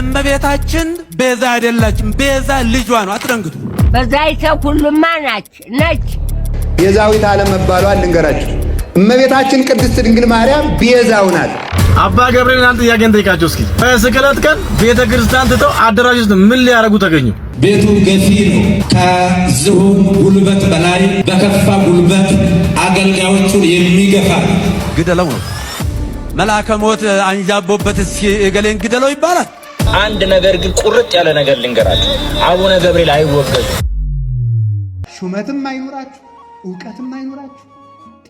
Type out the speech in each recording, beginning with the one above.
እመቤታችን ቤዛ አይደላችን፣ ቤዛ ልጇ ነው። አትደንግጡ። በዛይተ ሁሉማ ናች ነች ቤዛዊት ዓለም መባሏን ልንገራችሁ። እመቤታችን ቅድስት ድንግል ማርያም ቤዛው ናት። አባ ገብርኤል አንድ ጥያቄ እንጠይቃቸው እስኪ። በስቅለት ቀን ቤተ ክርስቲያን ትተው አደራጆች ምን ሊያደርጉ ተገኙ? ቤቱ ገፊ ነው። ከዝሆን ጉልበት በላይ በከፋ ጉልበት አገልጋዮቹን የሚገፋ ግደለው ነው። መልአከ ሞት አንዣቦበት እስኪ እገሌን ግደለው ይባላል። አንድ ነገር ግን ቁርጥ ያለ ነገር ልንገራችሁ፣ አቡነ ገብርኤል አይወገዙ። ሹመትም አይኖራችሁ፣ እውቀትም አይኖራችሁ፣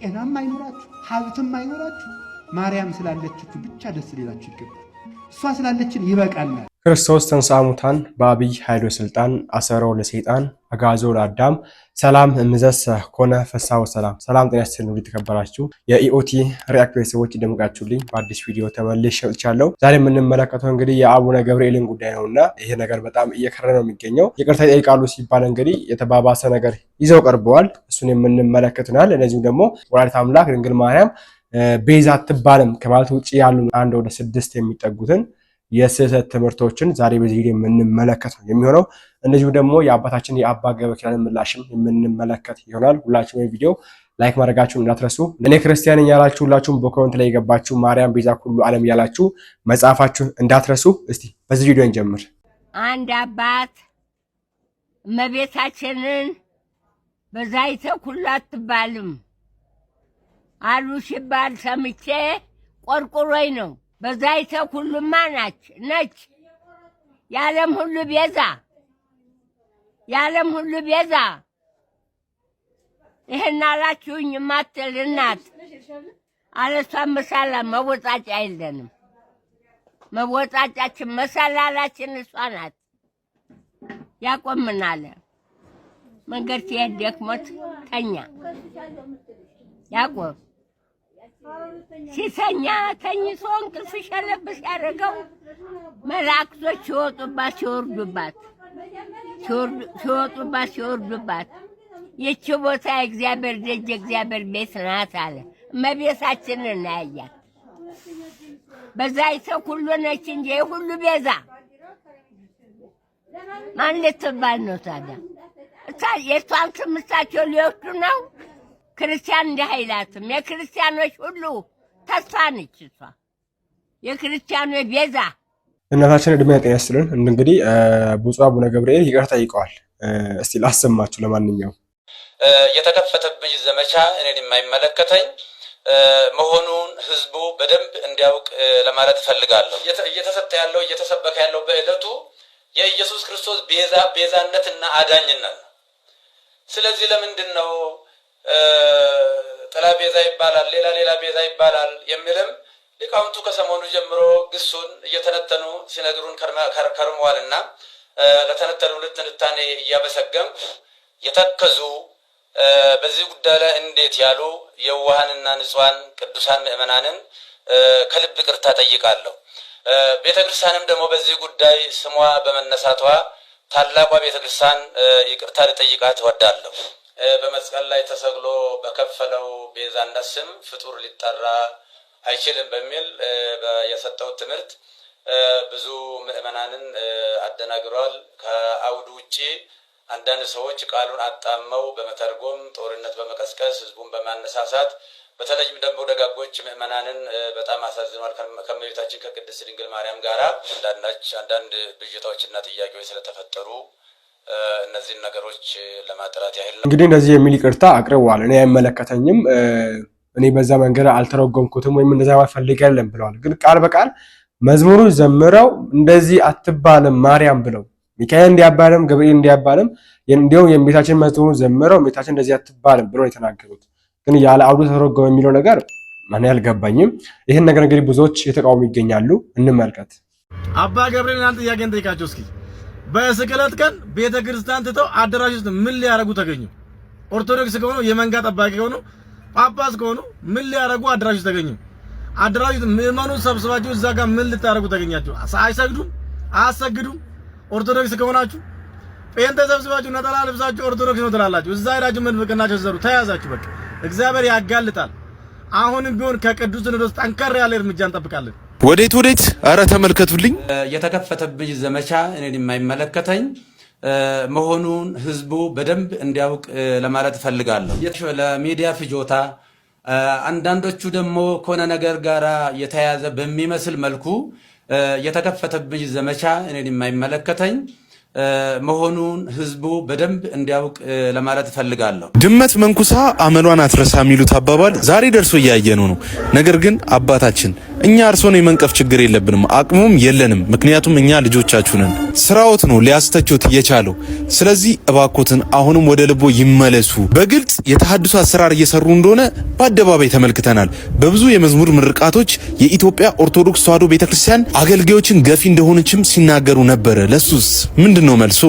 ጤናም አይኖራችሁ፣ ሀብትም አይኖራችሁ፣ ማርያም ስላለችችሁ ብቻ ደስ ሊላችሁ ይገባል። እሷ ስላለችን ይበቃናል። ክርስቶስ ተንሥአ እሙታን በአብይ ኃይሎ ስልጣን አሰሮ ለሰይጣን አጋዞ ለአዳም ሰላም እምዘሰ ኮነ ፍስሐ ወሰላም። ሰላም ጤና ይስጥልኝ። ውድ የተከበራችሁ የኢኦቲ ሪአክት ቤተሰቦች ደምቃችሁልኝ በአዲስ ቪዲዮ ተመልሼ መጥቻለሁ። ዛሬ የምንመለከተው እንግዲህ የአቡነ ገብርኤልን ጉዳይ ነው እና ይሄ ነገር በጣም እየከረ ነው የሚገኘው። ይቅርታ ይጠይቃሉ ሲባል እንግዲህ የተባባሰ ነገር ይዘው ቀርበዋል። እሱን የምንመለከትናል። እነዚሁም ደግሞ ወላዲተ አምላክ ድንግል ማርያም ቤዛ አትባልም ከማለት ውጭ ያሉ አንድ ወደ ስድስት የሚጠጉትን የስህተት ትምህርቶችን ዛሬ በዚህ ጊዜ የምንመለከት ነው የሚሆነው። እንደዚሁ ደግሞ የአባታችን የአባ ገብረ ምላሽም የምንመለከት ይሆናል። ሁላችሁም ወይ ቪዲዮ ላይክ ማድረጋችሁን እንዳትረሱ። እኔ ክርስቲያን ያላችሁ ሁላችሁም በኮመንት ላይ የገባችሁ ማርያም ቤዛ ሁሉ ዓለም ያላችሁ መጽሐፋችሁን እንዳትረሱ። እስቲ በዚህ ቪዲዮ እንጀምር። አንድ አባት እመቤታችንን በዛ ኩሉ አትባልም አሉ ሲባል ሰምቼ ቆርቁሮኝ ነው። በዛይተ ሁሉማ ናች ነች የዓለም ሁሉ ቤዛ የዓለም ሁሉ ቤዛ ይህን አላችሁኝ የማትል እናት አለሷን መሳላ መወጣጫ የለንም። መወጣጫችን መሰላላችን እሷ ናት። ያቆምናለ መንገድ ሲሄድ ደክሞት ተኛ ያቆም ሲሰኛ ተኝቶ እንቅልፍ ሸለብስ ያደረገው መላእክቶች ሲወጡባት ሲወርዱባት ሲወጡባት ሲወርዱባት ይቺ ቦታ የእግዚአብሔር ደጅ የእግዚአብሔር ቤት ናት አለ። እመቤታችንን እናያያት በዛ ይተው ሁሉ ነች እንጂ ሁሉ ቤዛ ማን ልትባል ነው ታዲያ? የእሷን ስምሳቸው ሊወስዱ ነው። ክርስቲያን እንዲህ አይላትም። የክርስቲያኖች ሁሉ ተስፋ ነች እሷ የክርስቲያኑ ቤዛ እናታችን እድሜ ጤና ይስጥልን። እንግዲህ ብፁዕ አቡነ ገብርኤል ይቅርታ ጠይቀዋል። እስቲ ላሰማችሁ። ለማንኛውም የተከፈተብኝ ዘመቻ እኔን የማይመለከተኝ መሆኑን ህዝቡ በደንብ እንዲያውቅ ለማለት እፈልጋለሁ። እየተሰጠ ያለው እየተሰበከ ያለው በዕለቱ የኢየሱስ ክርስቶስ ቤዛ ቤዛነትና አዳኝነት ነው። ስለዚህ ለምንድን ነው ጥላ ቤዛ ይባላል፣ ሌላ ሌላ ቤዛ ይባላል የሚልም ሊቃውንቱ ከሰሞኑ ጀምሮ ግሱን እየተነተኑ ሲነግሩን እና ለተነተኑ ልትንታኔ እያመሰገንኩ የተከዙ በዚህ ጉዳይ ላይ እንዴት ያሉ የዋሃንና ንጹሐን ቅዱሳን ምእመናንን ከልብ ቅርታ ጠይቃለሁ። ቤተ ክርስቲያንም ደግሞ በዚህ ጉዳይ ስሟ በመነሳቷ ታላቋ ቤተ ክርስቲያን ይቅርታ ልጠይቃት እወዳለሁ። በመስቀል ላይ ተሰቅሎ በከፈለው ቤዛነት ስም ፍጡር ሊጠራ አይችልም በሚል የሰጠው ትምህርት ብዙ ምዕመናንን አደናግሯል። ከአውዱ ውጭ አንዳንድ ሰዎች ቃሉን አጣመው በመተርጎም ጦርነት በመቀስቀስ ህዝቡን በማነሳሳት በተለይም ደግሞ ደጋጎች ምዕመናንን በጣም አሳዝኗል። ከመቤታችን ከቅድስት ድንግል ማርያም ጋራ አንዳንድ ብዥታዎችና ጥያቄዎች ስለተፈጠሩ እነዚህን ነገሮች ለማጥራት ያህል እንግዲህ እንደዚህ የሚል ይቅርታ አቅርበዋል። እኔ አይመለከተኝም፣ እኔ በዛ መንገድ አልተረጎምኩትም ወይም እንደዛ ማፈልግ ያለን ብለዋል። ግን ቃል በቃል መዝሙሩ ዘምረው እንደዚህ አትባልም ማርያም ብለው ሚካኤል እንዲያባልም ገብርኤል እንዲያባልም እንዲሁም የእመቤታችን መዝሙሩ ዘምረው እመቤታችን እንደዚህ አትባልም ብለው የተናገሩት ግን ያለ አውዱ ተተረጎመ የሚለው ነገር እኔ አልገባኝም። ይህን ነገር እንግዲህ ብዙዎች የተቃወሙ ይገኛሉ። እንመልከት። አባ ገብርኤል አንድ ጥያቄ እንጠይቃቸው እስኪ በስቅለት ቀን ቤተ ክርስቲያን ትተው አዳራሽ ውስጥ ምን ሊያረጉ ተገኙ? ኦርቶዶክስ ከሆኑ የመንጋ ጠባቂ ከሆኑ ጳጳስ ከሆኑ ምን ሊያረጉ አዳራሽ ውስጥ ተገኙ? አዳራሽ ውስጥ ምዕመኑ ሰብስባችሁ እዛ ጋር ምን ልታረጉ ተገኛችሁ? አይሰግዱም፣ አያሰግዱም። ኦርቶዶክስ ከሆናችሁ ጴንጤ ሰብስባችሁ ነጠላ ልብሳችሁ ኦርቶዶክስ ነው ትላላችሁ። እዛ ሄዳችሁ ምንፍቅናችሁ ዘሩ ተያዛችሁ። በቃ እግዚአብሔር ያጋልጣል። አሁንም ቢሆን ከቅዱስ ሲኖዶስ ጠንከር ያለ እርምጃ እንጠብቃለን። ወዴት ወዴት? አረ ተመልከቱልኝ። የተከፈተብኝ ዘመቻ እኔን የማይመለከተኝ መሆኑን ህዝቡ በደንብ እንዲያውቅ ለማለት እፈልጋለሁ። ለሚዲያ ፍጆታ አንዳንዶቹ ደግሞ ከሆነ ነገር ጋር የተያያዘ በሚመስል መልኩ የተከፈተብኝ ዘመቻ እኔን የማይመለከተኝ መሆኑን ህዝቡ በደንብ እንዲያውቅ ለማለት እፈልጋለሁ። ድመት መንኩሳ አመሏን አትረሳ የሚሉት አባባል ዛሬ ደርሶ እያየኑ ነው። ነገር ግን አባታችን እኛ እርስዎን የመንቀፍ ችግር የለብንም፣ አቅሙም የለንም። ምክንያቱም እኛ ልጆቻችሁ ነን። ስራዎት ነው ሊያስተቹት የቻለው። ስለዚህ እባኮትን አሁንም ወደ ልቦ ይመለሱ። በግልጽ የተሐድሶ አሰራር እየሰሩ እንደሆነ በአደባባይ ተመልክተናል። በብዙ የመዝሙር ምርቃቶች የኢትዮጵያ ኦርቶዶክስ ተዋሕዶ ቤተክርስቲያን አገልጋዮችን ገፊ እንደሆነችም ሲናገሩ ነበረ። ለሱስ ምንድን ነው መልሶ?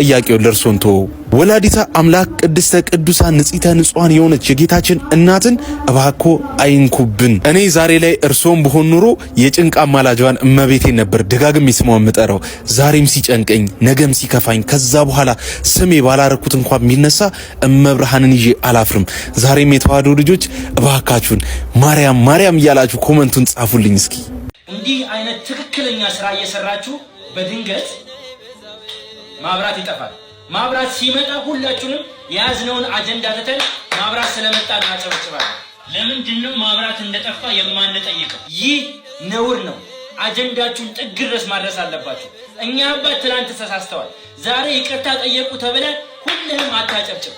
ጥያቄውን ለእርሶን ቶ ወላዲታ አምላክ ቅድስተ ቅዱሳን ንጽሕተ ንጹሐን የሆነች የጌታችን እናትን እባኮ አይንኩብን። እኔ ዛሬ ላይ እርሶን ብሆን ኑሮ የጭንቃ አማላጇን እመቤቴን ነበር ደጋግሜ ስሟን የምጠራው። ዛሬም ሲጨንቀኝ፣ ነገም ሲከፋኝ፣ ከዛ በኋላ ስሜ ባላረኩት እንኳን ቢነሳ እመብርሃንን ይዤ አላፍርም። ዛሬም የተዋህዶ ልጆች እባካችሁን ማርያም ማርያም እያላችሁ ኮመንቱን ጻፉልኝ። እስኪ እንዲህ አይነት ትክክለኛ ስራ እየሰራችሁ በድንገት ማብራት ይጠፋል። ማብራት ሲመጣ ሁላችሁንም የያዝነውን አጀንዳ ትተን ማብራት ስለመጣ እናጨበጭባለን። ለምንድን ነው ማብራት እንደጠፋ የማንጠይቀው? ይህ ነውር ነው። አጀንዳችሁን ጥግ ድረስ ማድረስ አለባችሁ። እኛ አባት ትናንት ተሳስተዋል፣ ዛሬ ይቅርታ ጠየቁ ተብለ ሁልህም አታጨብጭብ።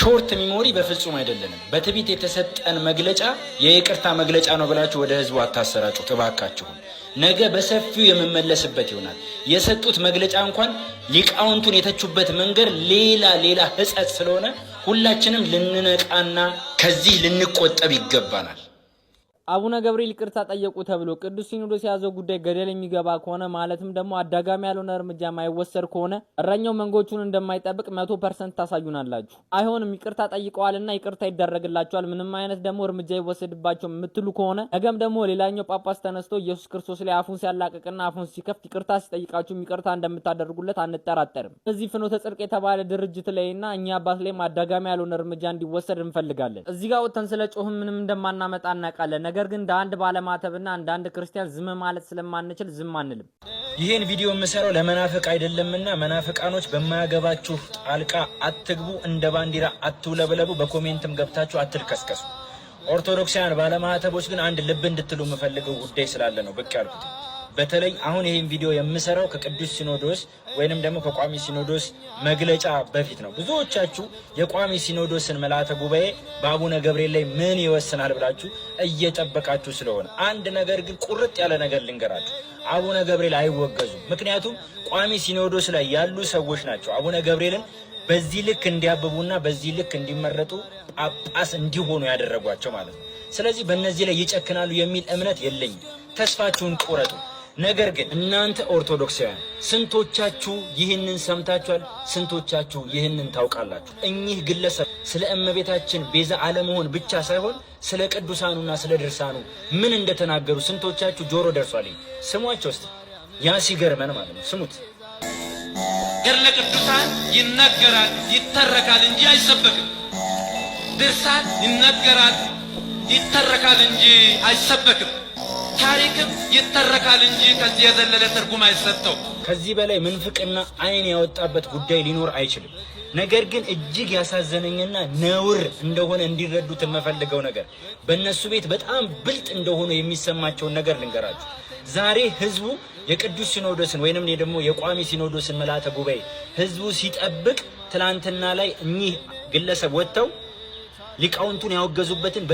ሾርት ሚሞሪ በፍጹም አይደለንም። በትዕቢት የተሰጠን መግለጫ የይቅርታ መግለጫ ነው ብላችሁ ወደ ህዝቡ አታሰራጩ እባካችሁን። ነገ በሰፊው የምመለስበት ይሆናል። የሰጡት መግለጫ እንኳን ሊቃውንቱን የተቹበት መንገድ ሌላ ሌላ ህጸት ስለሆነ ሁላችንም ልንነቃና ከዚህ ልንቆጠብ ይገባናል። አቡነ ገብርኤል ይቅርታ ጠየቁ ተብሎ ቅዱስ ሲኖዶስ የያዘው ጉዳይ ገደል የሚገባ ከሆነ ማለትም ደግሞ አዳጋሚ ያልሆነ እርምጃ ማይወሰድ ከሆነ እረኛው መንጎቹን እንደማይጠብቅ መቶ ፐርሰንት ታሳዩናላችሁ። አይሆንም። ይቅርታ ጠይቀዋልና ይቅርታ ይደረግላቸዋል። ምንም አይነት ደግሞ እርምጃ ይወሰድባቸው የምትሉ ከሆነ ነገም ደግሞ ሌላኛው ጳጳስ ተነስቶ ኢየሱስ ክርስቶስ ላይ አፉን ሲያላቅቅና አፉን ሲከፍት ይቅርታ ሲጠይቃችሁም ይቅርታ እንደምታደርጉለት አንጠራጠርም። እዚህ ፍኖተ ጽድቅ የተባለ ድርጅት ላይና እኛ አባት ላይም አዳጋሚ ያልሆነ እርምጃ እንዲወሰድ እንፈልጋለን። እዚህ ጋር ወጥተን ስለ ጮህም ምንም እንደማናመጣ እናውቃለን። ነገር ግን እንደ አንድ ባለማተብና አንዳንድ ክርስቲያን ዝም ማለት ስለማንችል ዝም አንልም። ይህን ቪዲዮ የምሰራው ለመናፍቅ አይደለምና መናፍቃኖች በማያገባችሁ ጣልቃ አትግቡ፣ እንደ ባንዲራ አትውለብለቡ፣ በኮሜንትም ገብታችሁ አትልከስከሱ። ኦርቶዶክሳውያን ባለማተቦች ግን አንድ ልብ እንድትሉ የምፈልገው ጉዳይ ስላለ ነው ብቅ ያልኩት። በተለይ አሁን ይህን ቪዲዮ የምሰራው ከቅዱስ ሲኖዶስ ወይንም ደግሞ ከቋሚ ሲኖዶስ መግለጫ በፊት ነው። ብዙዎቻችሁ የቋሚ ሲኖዶስን መልአተ ጉባኤ በአቡነ ገብርኤል ላይ ምን ይወስናል ብላችሁ እየጠበቃችሁ ስለሆነ አንድ ነገር ግን ቁርጥ ያለ ነገር ልንገራችሁ። አቡነ ገብርኤል አይወገዙም። ምክንያቱም ቋሚ ሲኖዶስ ላይ ያሉ ሰዎች ናቸው አቡነ ገብርኤልን በዚህ ልክ እንዲያብቡና በዚህ ልክ እንዲመረጡ ጳጳስ እንዲሆኑ ያደረጓቸው ማለት ነው። ስለዚህ በእነዚህ ላይ ይጨክናሉ የሚል እምነት የለኝም። ተስፋችሁን ቁረጡ። ነገር ግን እናንተ ኦርቶዶክሳውያን ስንቶቻችሁ ይህንን ሰምታችኋል? ስንቶቻችሁ ይህንን ታውቃላችሁ? እኚህ ግለሰብ ስለ እመቤታችን ቤዛ አለመሆን ብቻ ሳይሆን ስለ ቅዱሳኑና ስለ ድርሳኑ ምን እንደተናገሩ ስንቶቻችሁ ጆሮ ደርሷል? ስሟቸው እስቲ። ያ ሲገርመን ማለት ነው። ስሙት። ገድለ ቅዱሳን ይነገራል ይተረካል እንጂ አይሰበክም። ድርሳን ይነገራል ይተረካል እንጂ አይሰበክም። ታሪክም ይተረካል እንጂ ከዚህ የዘለለ ትርጉም አይሰጠው። ከዚህ በላይ ምንፍቅና አይን ያወጣበት ጉዳይ ሊኖር አይችልም። ነገር ግን እጅግ ያሳዘነኝና ነውር እንደሆነ እንዲረዱት የምፈልገው ነገር በእነሱ ቤት በጣም ብልጥ እንደሆነ የሚሰማቸውን ነገር ልንገራችሁ። ዛሬ ህዝቡ የቅዱስ ሲኖዶስን ወይንም ደግሞ የቋሚ ሲኖዶስን ምልዓተ ጉባኤ ህዝቡ ሲጠብቅ ትናንትና ላይ እኚህ ግለሰብ ወጥተው ሊቃውንቱን ያወገዙበትን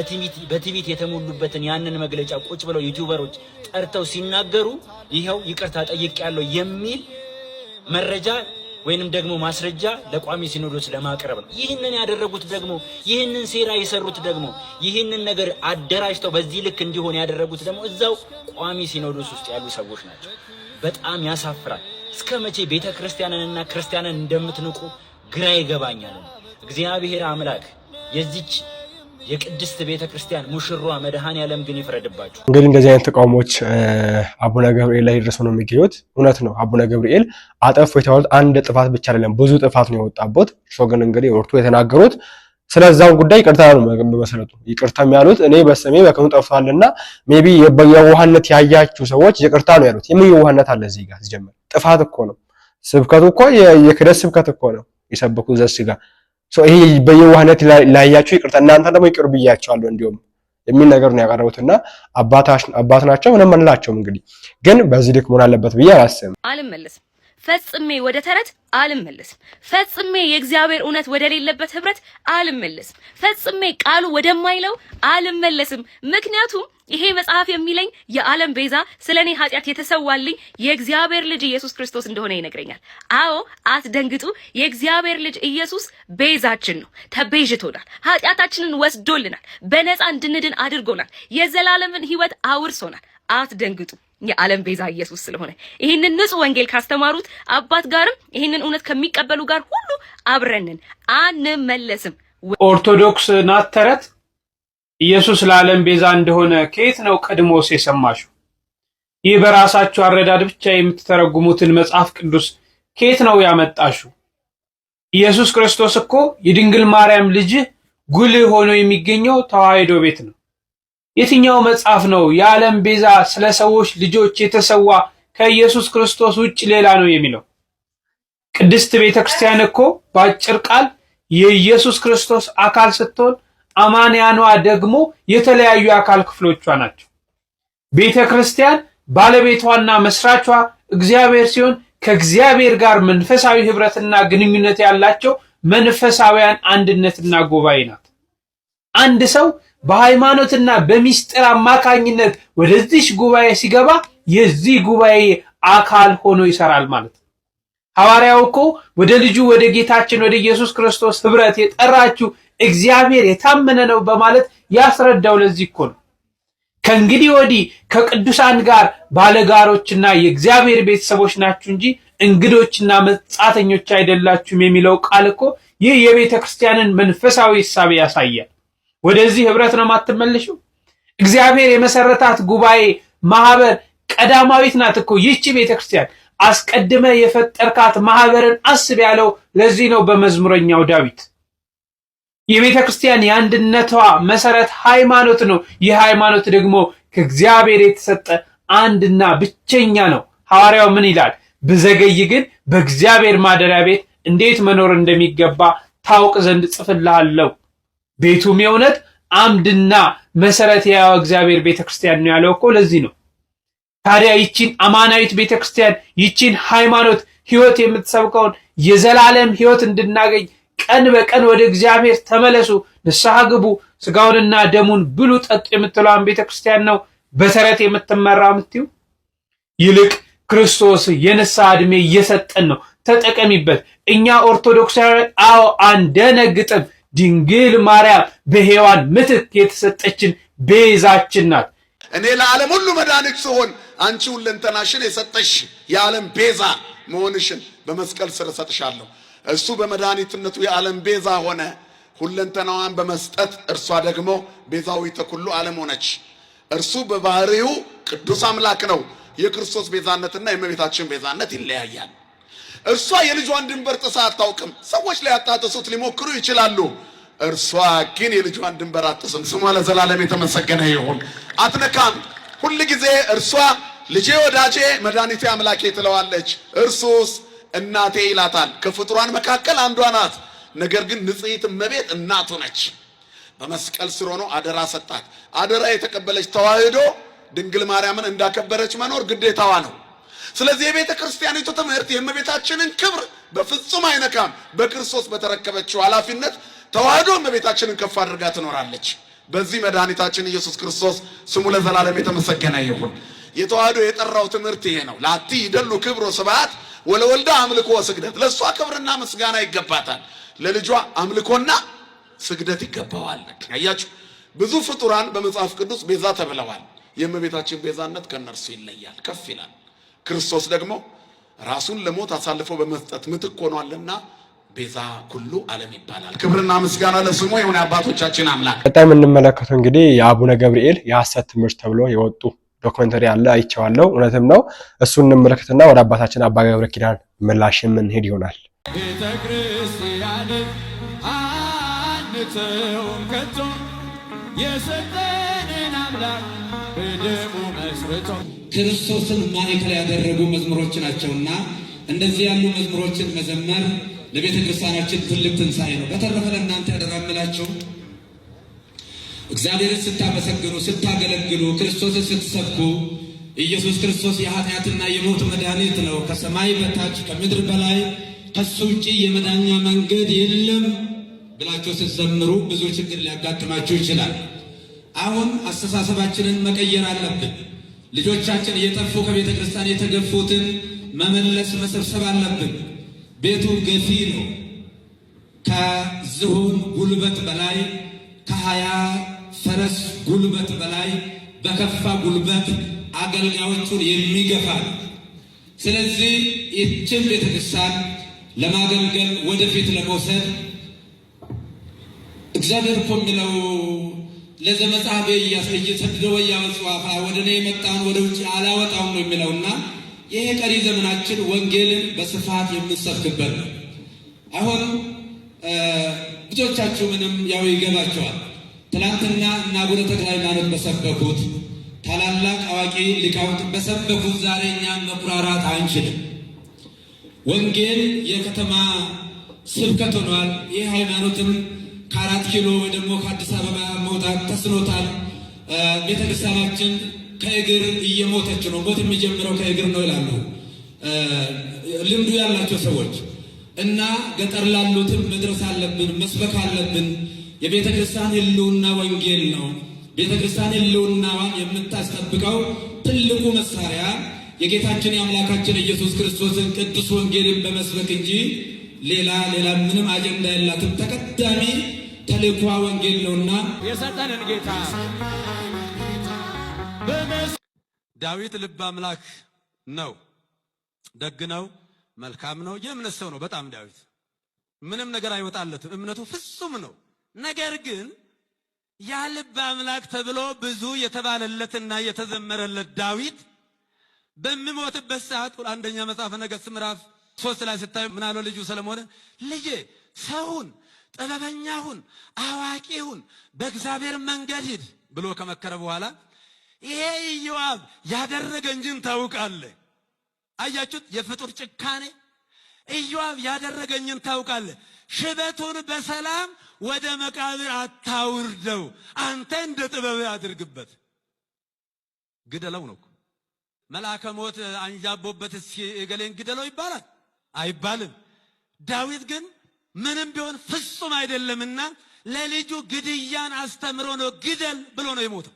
በትዕቢት የተሞሉበትን ያንን መግለጫ ቁጭ ብለው ዩቲዩበሮች ጠርተው ሲናገሩ ይኸው ይቅርታ ጠይቅ ያለው የሚል መረጃ ወይንም ደግሞ ማስረጃ ለቋሚ ሲኖዶስ ለማቅረብ ነው። ይህንን ያደረጉት ደግሞ ይህንን ሴራ የሰሩት ደግሞ ይህንን ነገር አደራጅተው በዚህ ልክ እንዲሆን ያደረጉት ደግሞ እዛው ቋሚ ሲኖዶስ ውስጥ ያሉ ሰዎች ናቸው። በጣም ያሳፍራል። እስከ መቼ ቤተ ክርስቲያንንና ክርስቲያንን እንደምትንቁ ግራ ይገባኛል። እግዚአብሔር አምላክ የዚች የቅድስት ቤተ ክርስቲያን ሙሽሯ መድኃኔ ዓለም ግን ይፍረድባቸው። እንግዲህ እንደዚህ አይነት ተቃውሞች አቡነ ገብርኤል ላይ ደርሰው ነው የሚገኙት። እውነት ነው አቡነ ገብርኤል አጠፉ የተባሉት አንድ ጥፋት ብቻ አይደለም፣ ብዙ ጥፋት ነው የወጣበት። እርሶ ግን እንግዲህ ወርቱ የተናገሩት ስለዛው ጉዳይ ይቅርታ ነው በመሰረቱ ይቅርታም ያሉት እኔ በስሜ በቀኑ ጠፍቷልና ሜቢ የዋህነት ያያችሁ ሰዎች ይቅርታ ነው ያሉት። የምን የዋህነት አለ እዚህ ጋር? ሲጀምር ጥፋት እኮ ነው ስብከቱ እኮ የክደት ስብከት እኮ ነው የሰበኩት ጋር ይሄ በየዋህነት ላያችሁ ይቅርታ፣ እናንተ ደግሞ ይቅር ብያቸዋለሁ እንዲሁም የሚል ነገር ነው ያቀረቡት እና አባት ናቸው ምንም አንላቸውም። እንግዲህ ግን በዚህ ልክ መሆን አለበት ብዬ አላስብም። አልመለስም ፈጽሜ ወደ ተረት አልመለስም። ፈጽሜ የእግዚአብሔር እውነት ወደሌለበት ህብረት አልመለስም። ፈጽሜ ቃሉ ወደማይለው አልመለስም። ምክንያቱም ይሄ መጽሐፍ የሚለኝ የዓለም ቤዛ ስለ እኔ ኃጢአት የተሰዋልኝ የእግዚአብሔር ልጅ ኢየሱስ ክርስቶስ እንደሆነ ይነግረኛል። አዎ አትደንግጡ፣ የእግዚአብሔር ልጅ ኢየሱስ ቤዛችን ነው። ተቤዥቶናል፣ ኃጢአታችንን ወስዶልናል፣ በነፃ እንድንድን አድርጎናል፣ የዘላለምን ህይወት አውርሶናል። አትደንግጡ። የዓለም ቤዛ ኢየሱስ ስለሆነ ይህንን ንጹህ ወንጌል ካስተማሩት አባት ጋርም ይህንን እውነት ከሚቀበሉ ጋር ሁሉ አብረንን አንመለስም። ኦርቶዶክስ ናት ተረት ኢየሱስ ለዓለም ቤዛ እንደሆነ ከየት ነው ቀድሞስ የሰማሽው? ይህ በራሳችሁ አረዳድ ብቻ የምትተረጉሙትን መጽሐፍ ቅዱስ ከየት ነው ያመጣሽው? ኢየሱስ ክርስቶስ እኮ የድንግል ማርያም ልጅ ጉልህ ሆኖ የሚገኘው ተዋህዶ ቤት ነው። የትኛው መጽሐፍ ነው የዓለም ቤዛ ስለ ሰዎች ልጆች የተሰዋ ከኢየሱስ ክርስቶስ ውጭ ሌላ ነው የሚለው? ቅድስት ቤተ ክርስቲያን እኮ በአጭር ቃል የኢየሱስ ክርስቶስ አካል ስትሆን አማንያኗ ደግሞ የተለያዩ አካል ክፍሎቿ ናቸው። ቤተ ክርስቲያን ባለቤቷና መስራቿ እግዚአብሔር ሲሆን ከእግዚአብሔር ጋር መንፈሳዊ ህብረትና ግንኙነት ያላቸው መንፈሳውያን አንድነትና ጉባኤ ናት። አንድ ሰው በሃይማኖትና በሚስጥር አማካኝነት ወደዚህ ጉባኤ ሲገባ የዚህ ጉባኤ አካል ሆኖ ይሰራል ማለት ነው። ሐዋርያው እኮ ወደ ልጁ ወደ ጌታችን ወደ ኢየሱስ ክርስቶስ ህብረት የጠራችሁ እግዚአብሔር የታመነ ነው በማለት ያስረዳው ለዚህ እኮ ነው። ከእንግዲህ ወዲህ ከቅዱሳን ጋር ባለጋሮችና የእግዚአብሔር ቤተሰቦች ናችሁ እንጂ እንግዶችና መጻተኞች አይደላችሁም የሚለው ቃል እኮ ይህ የቤተ ክርስቲያንን መንፈሳዊ እሳቤ ያሳያል። ወደዚህ ህብረት ነው የማትመለሽው። እግዚአብሔር የመሰረታት ጉባኤ ማህበር ቀዳማዊት ናት እኮ ይህቺ ቤተክርስቲያን። አስቀድመ የፈጠርካት ማህበርን አስብ ያለው ለዚህ ነው በመዝሙረኛው ዳዊት። የቤተ ክርስቲያን የአንድነቷ መሰረት ሃይማኖት ነው። ይህ ሃይማኖት ደግሞ ከእግዚአብሔር የተሰጠ አንድና ብቸኛ ነው። ሐዋርያው ምን ይላል? ብዘገይ ግን በእግዚአብሔር ማደሪያ ቤት እንዴት መኖር እንደሚገባ ታውቅ ዘንድ ጽፍልሃለሁ። ቤቱም የእውነት አምድና መሰረት ያው እግዚአብሔር ቤተክርስቲያን ነው ያለው እኮ ለዚህ ነው። ታዲያ ይቺን አማናዊት ቤተክርስቲያን ይቺን ሃይማኖት ህይወት የምትሰብከውን የዘላለም ህይወት እንድናገኝ ቀን በቀን ወደ እግዚአብሔር ተመለሱ፣ ንስሐ ግቡ፣ ስጋውንና ደሙን ብሉ፣ ጠጡ የምትለዋን ቤተክርስቲያን ነው በተረት የምትመራ የምትዩ። ይልቅ ክርስቶስ የንስሐ ዕድሜ እየሰጠን ነው፣ ተጠቀሚበት። እኛ ኦርቶዶክሳውያን አዎ አንደነግጥም ድንግል ማርያም በሔዋን ምትክ የተሰጠችን ቤዛችን ናት። እኔ ለዓለም ሁሉ መድኃኒት ስሆን አንቺ ሁለንተናሽን የሰጠሽ የዓለም ቤዛ መሆንሽን በመስቀል ስር እሰጥሻለሁ። እሱ በመድኃኒትነቱ የዓለም ቤዛ ሆነ፣ ሁለንተናዋን በመስጠት እርሷ ደግሞ ቤዛዊተ ኩሉ ዓለም ሆነች። እርሱ በባህሪው ቅዱስ አምላክ ነው። የክርስቶስ ቤዛነትና የእመቤታችን ቤዛነት ይለያያል። እርሷ የልጇን ድንበር ጥሳ አታውቅም። ሰዎች ላይ አጣጥሱት ሊሞክሩ ይችላሉ። እርሷ ግን የልጇን ድንበር አጥስም። ስሟ ለዘላለም የተመሰገነ ይሁን። አትነካም። ሁል ጊዜ እርሷ ልጄ፣ ወዳጄ፣ መድኃኒቴ፣ አምላኬ ትለዋለች። እርሱስ እናቴ ይላታል። ከፍጥሯን መካከል አንዷ ናት። ነገር ግን ንጽሕት እመቤት እናቱ ነች። በመስቀል ስር ሆኖ አደራ ሰጣት። አደራ የተቀበለች ተዋህዶ ድንግል ማርያምን እንዳከበረች መኖር ግዴታዋ ነው። ስለዚህ የቤተ ክርስቲያኒቱ ትምህርት የእመቤታችንን ክብር በፍጹም አይነካም። በክርስቶስ በተረከበችው ኃላፊነት ተዋህዶ እመቤታችንን ከፍ አድርጋ ትኖራለች። በዚህ መድኃኒታችን ኢየሱስ ክርስቶስ ስሙ ለዘላለም የተመሰገነ ይሁን። የተዋህዶ የጠራው ትምህርት ይሄ ነው። ላቲ ይደሉ ክብሮ ስብሐት ወለወልዳ አምልኮ ስግደት። ለእሷ ክብርና ምስጋና ይገባታል፣ ለልጇ አምልኮና ስግደት ይገባዋል። አያችሁ ብዙ ፍጡራን በመጽሐፍ ቅዱስ ቤዛ ተብለዋል። የእመቤታችን ቤዛነት ከእነርሱ ይለያል፣ ከፍ ይላል። ክርስቶስ ደግሞ ራሱን ለሞት አሳልፎ በመስጠት ምትክ ሆኗልና ቤዛ ኩሉ ዓለም ይባላል። ክብርና ምስጋና ለስሙ የሆነ አባቶቻችን አምላክ። በጣም የምንመለከተው እንግዲህ የአቡነ ገብርኤል የሐሰት ትምህርት ተብሎ የወጡ ዶክመንተሪ አለ፣ አይቼዋለሁ። እውነትም ነው። እሱን እንመለከትና ወደ አባታችን አባ ገብረ ኪዳን ምላሽ የምንሄድ ይሆናል። ቤተ አንተውም ከቶ ክርስቶስን ማዕከል ያደረጉ መዝሙሮች ናቸውና እንደዚህ ያሉ መዝሙሮችን መዘመር ለቤተ ክርስቲያናችን ትልቅ ትንሣኤ ነው። በተረፈ ለእናንተ ያደራምላቸው እግዚአብሔርን ስታመሰግኑ፣ ስታገለግሉ፣ ክርስቶስን ስትሰብኩ ኢየሱስ ክርስቶስ የኃጢአትና የሞት መድኃኒት ነው፣ ከሰማይ በታች ከምድር በላይ ከሱ ውጭ የመዳኛ መንገድ የለም ብላችሁ ስትዘምሩ ብዙ ችግር ሊያጋጥማችሁ ይችላል። አሁን አስተሳሰባችንን መቀየር አለብን። ልጆቻችን እየጠፉ ከቤተ ክርስቲያን የተገፉትን መመለስ መሰብሰብ አለብን። ቤቱ ገፊ ነው። ከዝሆን ጉልበት በላይ ከሀያ ፈረስ ጉልበት በላይ በከፋ ጉልበት አገልጋዮቹን የሚገፋ ነው። ስለዚህ ይችን ቤተ ክርስቲያን ለማገልገል ወደፊት ለመውሰድ እግዚአብሔር እኮ የሚለው ለዘመጻቤ እየሰድደው እያመጽዋፋ ወደ እኔ የመጣን ወደ ውጭ አላወጣውም ነው የሚለውና ይሄ ቀሪ ዘመናችን ወንጌልን በስፋት የምንሰብክበት ነው። አሁን ብዙዎቻችሁ ምንም ያው ይገባቸዋል። ትናንትና እና አቡነ ተክለ ሃይማኖት በሰበኩት ታላላቅ አዋቂ ሊቃውንት በሰበኩት ዛሬ እኛም መኩራራት አንችልም። ወንጌል የከተማ ስብከት ሆኗል። ይህ ሃይማኖትም ከአራት ኪሎ ወይ ደግሞ ከአዲስ አበባ መውጣት ተስኖታል። ቤተክርስቲያናችን ከእግር እየሞተች ነው። ሞት የሚጀምረው ከእግር ነው ይላሉ ልምዱ ያላቸው ሰዎች እና ገጠር ላሉትም መድረስ አለብን፣ መስበክ አለብን። የቤተ ክርስቲያን ሕልውና ወንጌል ነው። ቤተ ክርስቲያን ሕልውናዋን የምታስጠብቀው ትልቁ መሳሪያ የጌታችን የአምላካችን ኢየሱስ ክርስቶስን ቅዱስ ወንጌልን በመስበክ እንጂ ሌላ ሌላ ምንም አጀንዳ የላትም። ተቀዳሚ ተልኳ ወንጌል ነውና የሰጠንን ጌታ ዳዊት ልብ አምላክ ነው። ደግ ነው፣ መልካም ነው፣ የእምነት ሰው ነው። በጣም ዳዊት ምንም ነገር አይወጣለትም፣ እምነቱ ፍጹም ነው። ነገር ግን ያ ልብ አምላክ ተብሎ ብዙ የተባለለትና የተዘመረለት ዳዊት በሚሞትበት ሰዓት አንደኛ መጽሐፈ ነገሥት ምዕራፍ ሶስት ላይ ስታዩ ምናለው ልጁ ሰለሞን ልጄ ሰውን ጥበበኛ ሁን፣ አዋቂ ሁን፣ በእግዚአብሔር መንገድ ሂድ ብሎ ከመከረ በኋላ ይሄ ኢዮአብ ያደረገ እንጂን ታውቃለህ። አያችሁት? የፍጡር ጭካኔ። ኢዮአብ ያደረገኝን ታውቃለህ። ሽበቱን በሰላም ወደ መቃብር አታውርደው፣ አንተ እንደ ጥበብ አድርግበት። ግደለው ነው መልአከ ሞት አንዣቦበት እስኪ እገሌን ግደለው ይባላል አይባልም? ዳዊት ግን ምንም ቢሆን ፍጹም አይደለምና ለልጁ ግድያን አስተምሮ ነው ግደል ብሎ ነው የሞተው።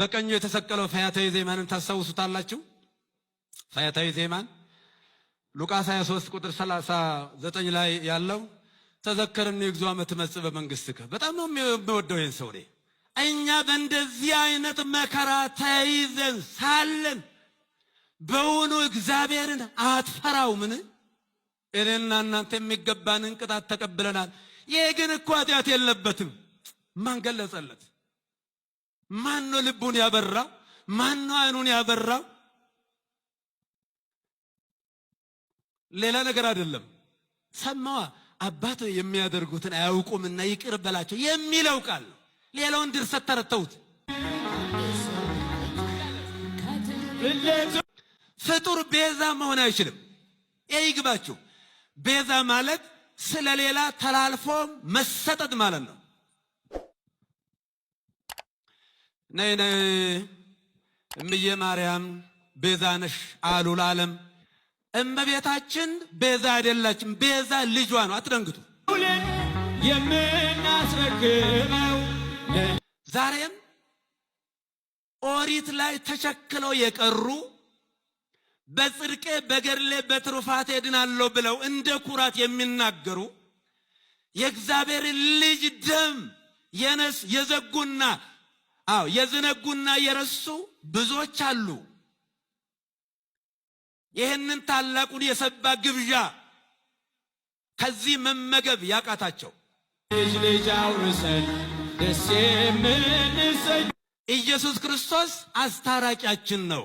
በቀኙ የተሰቀለው ፈያታዊ ዜማንን ታስታውሱታላችሁ። ፈያታዊ ዜማን ሉቃስ 23 ቁጥር 39 ላይ ያለው ተዘከረኒ እግዚኦ አመ ትመጽእ በመንግሥትከ። በጣም ነው የሚወደው ይህን ሰው። እኛ በእንደዚህ አይነት መከራ ተይዘን ሳለን በውኑ እግዚአብሔርን አትፈራው? ምን እኔና እናንተ የሚገባንን ቅጣት ተቀብለናል። ይሄ ግን እኮ ኃጢአት የለበትም። ማን ገለጸለት? ማን ነው ልቡን ያበራው? ማን ነው አይኑን ያበራው? ሌላ ነገር አይደለም። ሰማዋ አባት የሚያደርጉትን አያውቁምና ይቅር በላቸው የሚለው ቃል ሌላውን ድርሰት ተረተውት ፍጡር ቤዛ መሆን አይችልም። ይህ ይግባችሁ። ቤዛ ማለት ስለሌላ ተላልፎ መሰጠት ማለት ነው። ነይ ነይ እምዬ ማርያም ቤዛ ነሽ አሉ ለዓለም። እመቤታችን ቤዛ አይደላችም፣ ቤዛ ልጇ ነው። አትደንግጡ። የምናስረክበው ዛሬም ኦሪት ላይ ተቸክለው የቀሩ በጽድቄ በገድሌ በትሩፋቴ እድናለሁ ብለው እንደ ኩራት የሚናገሩ የእግዚአብሔር ልጅ ደም የነስ የዘጉና አዎ የዘነጉና የረሱ ብዙዎች አሉ። ይህንን ታላቁን የሰባ ግብዣ ከዚህ መመገብ ያቃታቸው ልጅ ልጅ አውርሰን ደስ የምንሰኝ ኢየሱስ ክርስቶስ አስታራቂያችን ነው።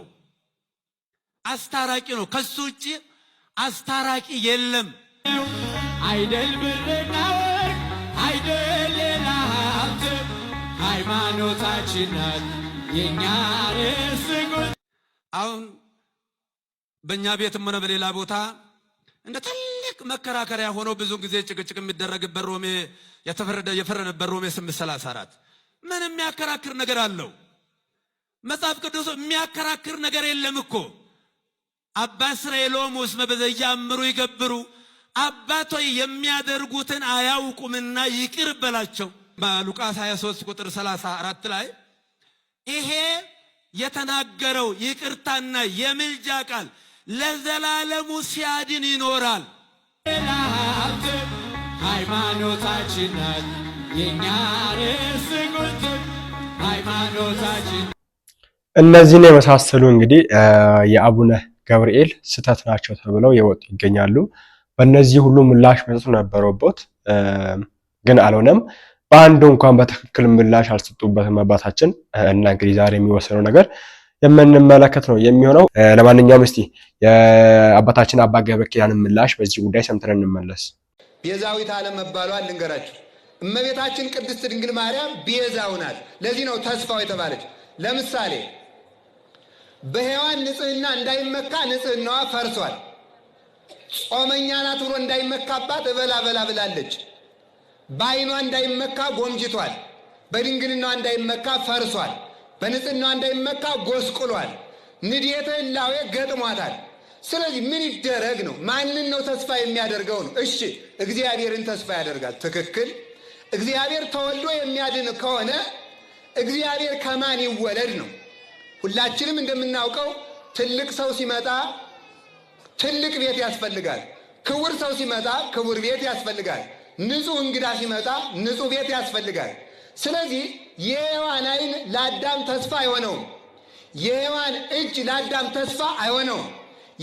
አስታራቂ ነው። ከሱ ውጭ አስታራቂ የለም። አይደል ብርና ወርቅ አይደል ሌላ ሀብት ሃይማኖታችን ናት አሁን በእኛ ቤትም ሆነ በሌላ ቦታ እንደ ትልቅ መከራከሪያ ሆኖ ብዙ ጊዜ ጭቅጭቅ የሚደረግበት ሮሜ የፈረደበት ሮሜ ስምንት ሰላሳ አራት ምን የሚያከራክር ነገር አለው? መጽሐፍ ቅዱስ የሚያከራክር ነገር የለም እኮ አባ እስራኤሎም ወስመ በዘያምሩ ይገብሩ አባቶ የሚያደርጉትን አያውቁምና ይቅር በላቸው። በሉቃስ 23 ቁጥር 34 ላይ ይሄ የተናገረው ይቅርታና የምልጃ ቃል ለዘላለሙ ሲያድን ይኖራል። ሃይማኖታችን ናት የኛ ሃይማኖታችን እነዚህን የመሳሰሉ እንግዲህ የአቡነ ገብርኤል ስህተት ናቸው ተብለው የወጡ ይገኛሉ። በእነዚህ ሁሉ ምላሽ መስጠት ነበረበት፣ ግን አልሆነም። በአንዱ እንኳን በትክክል ምላሽ አልሰጡበትም አባታችን እና እንግዲህ ዛሬ የሚወሰነው ነገር የምንመለከት ነው የሚሆነው። ለማንኛውም እስቲ የአባታችን አባ ገብረ ኪዳንን ምላሽ በዚህ ጉዳይ ሰምተን እንመለስ። ቤዛዊት ዓለም መባሏን ልንገራችሁ። እመቤታችን ቅድስት ድንግል ማርያም ቤዛው ናት። ለዚህ ነው ተስፋው የተባለች። ለምሳሌ በሔዋን ንጽህና እንዳይመካ ንጽህናዋ ፈርሷል። ጾመኛ ናት ብሎ እንዳይመካባት እበላ በላ ብላለች። በአይኗ እንዳይመካ ጎምጅቷል። በድንግልናዋ እንዳይመካ ፈርሷል። በንጽህናዋ እንዳይመካ ጎስቁሏል። ንዴተ ሕላዌ ገጥሟታል። ስለዚህ ምን ይደረግ ነው? ማንን ነው ተስፋ የሚያደርገው ነው? እሺ እግዚአብሔርን ተስፋ ያደርጋል። ትክክል። እግዚአብሔር ተወልዶ የሚያድን ከሆነ እግዚአብሔር ከማን ይወለድ ነው? ሁላችንም እንደምናውቀው ትልቅ ሰው ሲመጣ ትልቅ ቤት ያስፈልጋል። ክቡር ሰው ሲመጣ ክቡር ቤት ያስፈልጋል። ንጹህ እንግዳ ሲመጣ ንጹህ ቤት ያስፈልጋል። ስለዚህ የሔዋን ዓይን ለአዳም ተስፋ አይሆነውም። የሔዋን እጅ ለአዳም ተስፋ አይሆነውም።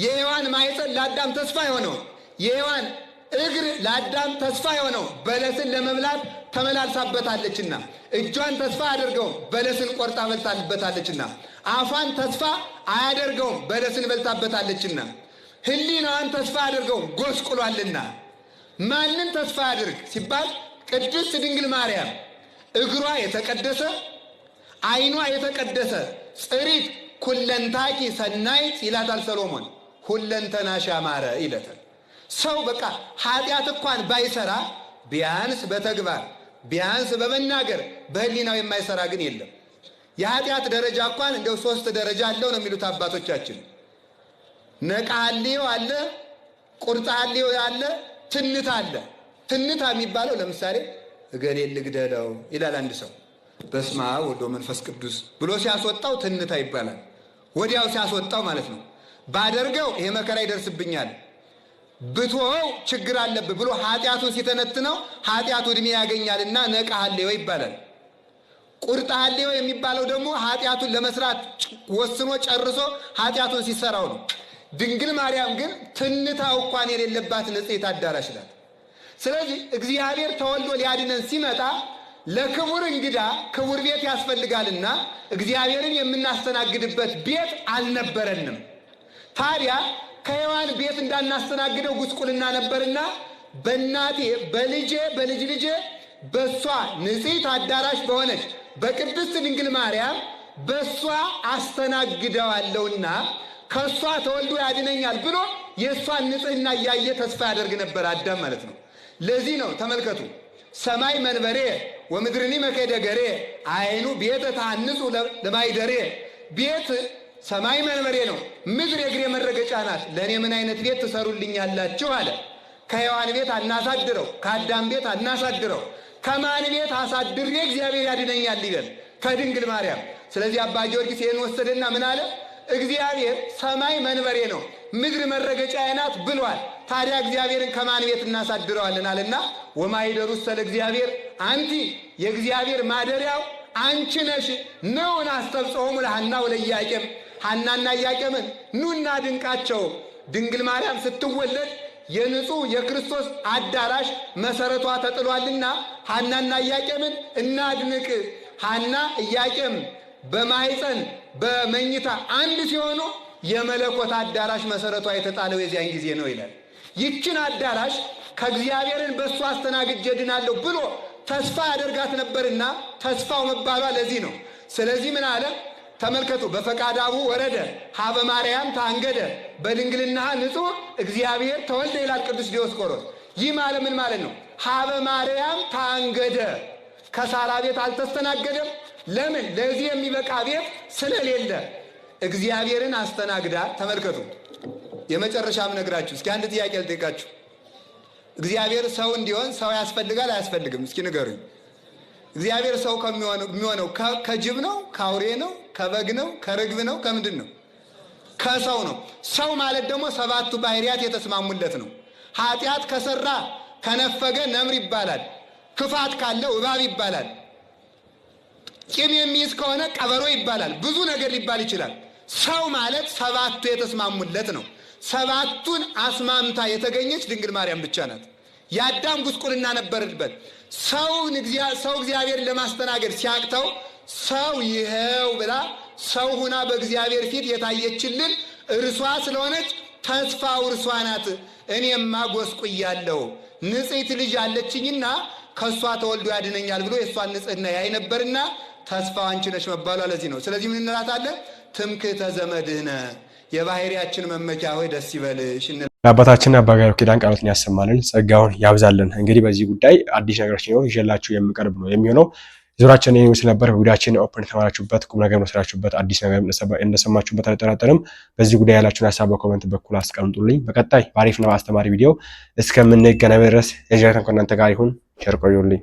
የሔዋን ማይፀን ለአዳም ተስፋ አይሆነውም። የሔዋን እግር ለአዳም ተስፋ የሆነው በለስን ለመብላት ተመላልሳበታለችና እጇን ተስፋ አድርገው በለስን ቆርጣ በልታበታለችና አፏን ተስፋ አያደርገውም በለስን በልታበታለችና፣ ሕሊናዋን ተስፋ አያደርገውም ጎስቁሏልና። ማንን ተስፋ አድርግ ሲባል ቅድስት ድንግል ማርያም እግሯ የተቀደሰ አይኗ የተቀደሰ ጽሪት ኩለንታቂ ሰናይት ይላታል ሰሎሞን። ሁለንተናሽ ያማረ ይለታል። ሰው በቃ ኃጢአት እንኳን ባይሰራ ቢያንስ በተግባር ቢያንስ በመናገር በህሊናው የማይሰራ ግን የለም። የኃጢአት ደረጃ እንኳን እንደው ሶስት ደረጃ አለው ነው የሚሉት አባቶቻችን። ነቃ አለ፣ ቁርጣ አለ፣ ትንታ አለ። ትንታ የሚባለው ለምሳሌ እገሌ ልግደለው ይላል አንድ ሰው በስመ አብ ወወልድ ወመንፈስ ቅዱስ ብሎ ሲያስወጣው ትንታ ይባላል። ወዲያው ሲያስወጣው ማለት ነው። ባደርገው ይሄ መከራ ይደርስብኛል፣ ብትወው ችግር አለብህ ብሎ ኃጢአቱን ሲተነትነው ኃጢአቱ ዕድሜ ያገኛልና ነቃ ይባላል። ቁርጣሌ የሚባለው ደግሞ ኃጢአቱን ለመስራት ወስኖ ጨርሶ ኃጢአቱን ሲሰራው ነው። ድንግል ማርያም ግን ትንታው እንኳን የሌለባት ንጽሕት አዳራሽ ናት። ስለዚህ እግዚአብሔር ተወልዶ ሊያድነን ሲመጣ ለክቡር እንግዳ ክቡር ቤት ያስፈልጋልና እግዚአብሔርን የምናስተናግድበት ቤት አልነበረንም። ታዲያ ከሔዋን ቤት እንዳናስተናግደው ጉስቁልና ነበርና በእናቴ በልጄ በልጅ ልጄ በእሷ ንጽሕት አዳራሽ በሆነች በቅድስት ድንግል ማርያም በእሷ አስተናግደዋለውና ከእሷ ተወልዶ ያድነኛል ብሎ የእሷን ንጽህና እያየ ተስፋ ያደርግ ነበር አዳም ማለት ነው። ለዚህ ነው ተመልከቱ፣ ሰማይ መንበሬ ወምድርኒ መከደገሬ አይኑ ቤተ ታንጹ ለማይደሬ ቤት ሰማይ መንበሬ ነው፣ ምድር የእግሬ መረገጫ ናት። ለእኔ ምን አይነት ቤት ትሰሩልኛላችሁ አለ። ከሔዋን ቤት አናሳድረው፣ ከአዳም ቤት አናሳድረው። ከማን ቤት አሳድሬ እግዚአብሔር ያድነኛል ይበል ከድንግል ማርያም። ስለዚህ አባ ጊዮርጊስ ይህን ወሰደና ምን አለ? እግዚአብሔር ሰማይ መንበሬ ነው ምድር መረገጫዬ ናት ብሏል። ታዲያ እግዚአብሔርን ከማን ቤት እናሳድረዋለን አለና ወማይደር ውስጥ እግዚአብሔር አንቲ የእግዚአብሔር ማደሪያው አንቺ ነሽ ነውን አስተብጽሆሙ ለሐና ወለኢያቄም ሐናና ኢያቄምን ኑና ድንቃቸው ድንግል ማርያም ስትወለድ የንጹህ የክርስቶስ አዳራሽ መሰረቷ ተጥሏልና ሐናና ኢያቄምን እናድንቅ። ሐና ኢያቄም በማይፀን በመኝታ አንድ ሲሆኑ የመለኮት አዳራሽ መሰረቷ የተጣለው የዚያን ጊዜ ነው ይላል። ይችን አዳራሽ ከእግዚአብሔርን በእሱ አስተናግጄ ድናለሁ ብሎ ተስፋ ያደርጋት ነበርና ተስፋው መባሏ ለዚህ ነው። ስለዚህ ምን አለ? ተመልከቱ። በፈቃዳቡ ወረደ ሀበ ማርያም ታንገደ በድንግልና ንጹሕ እግዚአብሔር ተወልደ ይላል ቅዱስ ዲዮስቆሮስ። ይህ ማለት ምን ማለት ነው? ሀበ ማርያም ታንገደ ከሳራ ቤት አልተስተናገደም። ለምን? ለዚህ የሚበቃ ቤት ስለሌለ እግዚአብሔርን አስተናግዳ። ተመልከቱ። የመጨረሻም ነግራችሁ እስኪ አንድ ጥያቄ ልጠይቃችሁ። እግዚአብሔር ሰው እንዲሆን ሰው ያስፈልጋል አያስፈልግም? እስኪ ንገሩኝ። እግዚአብሔር ሰው የሚሆነው ከጅብ ነው፣ ከአውሬ ነው፣ ከበግ ነው፣ ከርግብ ነው፣ ከምንድን ነው? ከሰው ነው። ሰው ማለት ደግሞ ሰባቱ ባህሪያት የተስማሙለት ነው። ኃጢአት ከሰራ ከነፈገ ነምር ይባላል። ክፋት ካለ እባብ ይባላል። ቂም የሚይዝ ከሆነ ቀበሮ ይባላል። ብዙ ነገር ሊባል ይችላል። ሰው ማለት ሰባቱ የተስማሙለት ነው። ሰባቱን አስማምታ የተገኘች ድንግል ማርያም ብቻ ናት። የአዳም ጉስቁልና ነበርበት። ሰውን ሰው እግዚአብሔር ለማስተናገድ ሲያቅተው ሰው ይኸው ብላ ሰው ሁና በእግዚአብሔር ፊት የታየችልን እርሷ ስለሆነች ተስፋው እርሷ ናት። እኔማ ጎስቁያለሁ፣ ንጽሕት ልጅ አለችኝና ከእሷ ተወልዶ ያድነኛል ብሎ የእሷን ንጽሕና ያይ ነበርና ተስፋ አንቺ ነሽ መባሏ ለዚህ ነው። ስለዚህ ምን እንላታለን? ትምክህተ ዘመድህነ የባሕርያችን መመኪያ ሆይ ደስ ይበልሽ። ለአባታችን አባ ገብረ ኪዳን ቃሎትን ያሰማልን ጸጋውን ያብዛልን። እንግዲህ በዚህ ጉዳይ አዲስ ነገሮች ሲኖር ይዤላችሁ የምቀርብ ነው የሚሆነው። ዙራችን ይህ ምስል ነበር። ጉዳያችን ኦፕን የተማራችሁበት ቁም ነገር መስራችሁበት አዲስ ነገር እንደሰማችሁበት አልጠራጠርም። በዚህ ጉዳይ ያላችሁን ሀሳብ በኮመንት በኩል አስቀምጡልኝ። በቀጣይ በአሪፍና በአስተማሪ ቪዲዮ እስከምንገናኝ ድረስ የጀረተን ከእናንተ ጋር ይሁን። ቸር ቆዩልኝ።